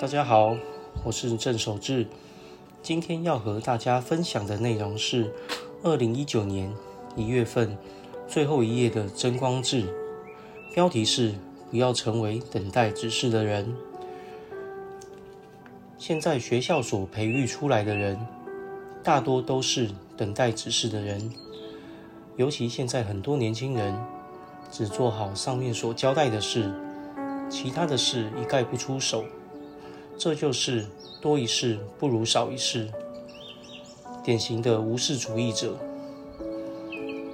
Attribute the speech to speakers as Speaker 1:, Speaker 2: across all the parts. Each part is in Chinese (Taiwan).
Speaker 1: 大家好，我是鄭守志。今天要和大家分享的內容是二零一九年一月份最後一頁的真光誌，標題是“不要成為等待指示的人”。現在學校所培育出來的人，大多都是等待指示的人。尤其現在很多年輕人，只做好上面所交代的事，其他的事一概不出手。這就是多一事不如少一事，典型的無事主義者。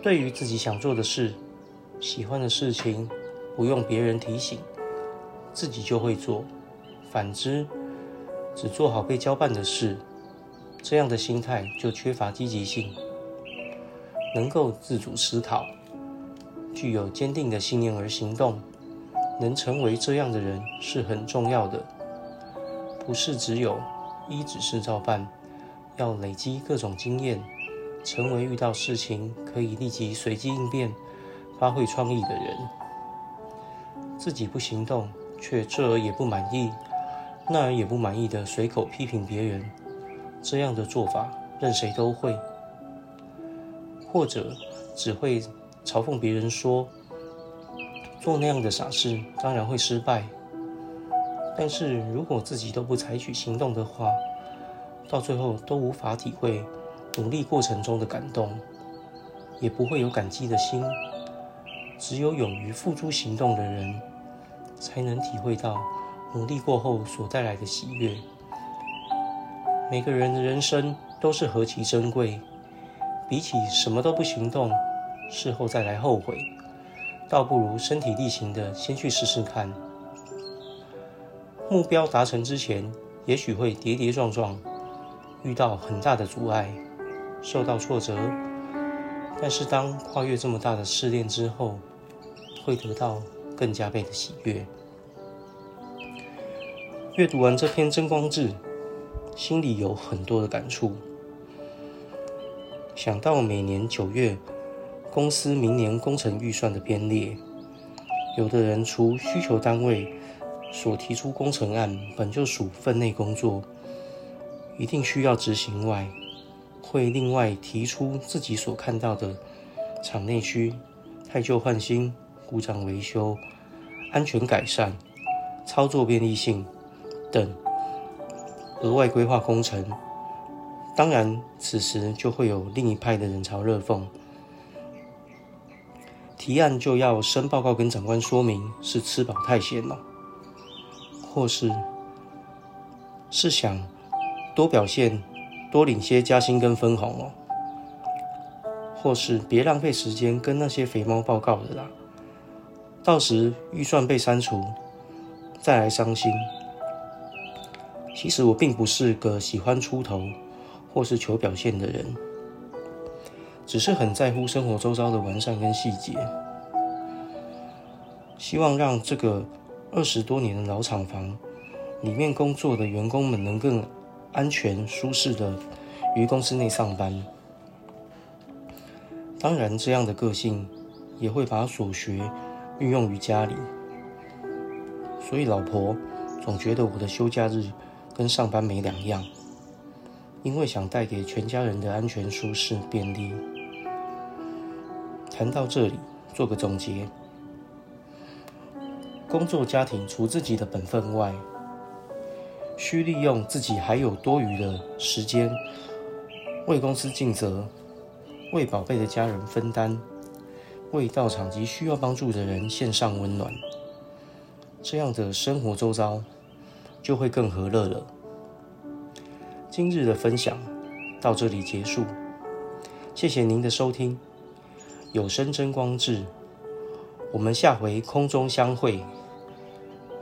Speaker 1: 對於自己想做的事、喜歡的事情，不用別人提醒，自己就會做。反之，只做好被交辦的事，這樣的心態就缺乏積極性。能夠自主思考，具有堅定的信念而行動，能成為這樣的人是很重要的。不是只有一指示照辦，要累積各種經驗，成為遇到事情可以立即隨機應變、發揮創意的人。自己不行動，卻這兒也不滿意，那兒也不滿意的隨口批評別人，這樣的做法任誰都會。或者只會嘲諷別人說：“做那樣的傻事，當然會失敗。”但是如果自己都不採取行動的話，到最後都無法體會努力過程中的感動，也不會有感激的心。只有勇於付諸行動的人，才能體會到努力過後所帶來的喜悅。每個人的人生都是何其珍貴，比起什麼都不行動，事後再來後悔，倒不如身體力行的先去試試看。目標達成之前，也許會跌跌撞撞，遇到很大的阻礙，受到挫折。但是當跨越這麼大的試煉之後，會得到更加倍的喜悅。閱讀完這篇《真光誌》，心裡有很多的感觸。想到每年九月，公司明年工程預算的編列，有的人除需求單位。所提出工程案本就屬分內工作，一定需要執行外，會另外提出自己所看到的廠內需汰舊換新、故障維修、安全改善、操作便利性等額外規劃工程。當然，此時就會有另一派的冷嘲熱諷，提案就要申報告跟長官說明，是吃飽太閒了，或是是想多表現、多領些加薪跟分紅哦；或是別浪費時間跟那些肥貓報告的啦。到時預算被刪除，再來傷心。其實我並不是個喜歡出頭或是求表現的人，只是很在乎生活周遭的完善跟細節，希望讓這個。二十多年的老廠房，裡面工作的員工們能更安全、舒適地於公司內上班。當然，這樣的個性也會把所學運用於家裡。所以，老婆總覺得我的休假日跟上班沒兩樣，因為想帶給全家人的安全、舒適、便利。談到這裡，做個總結。工作、家庭，除自己的本分外，需利用自己還有多餘的時間，為公司盡責，為寶貝的家人分擔，為道場及需要幫助的人獻上溫暖。這樣的生活周遭就會更和樂了。今日的分享到這裡結束，謝謝您的收聽。有聲真光誌，我們下回空中相會。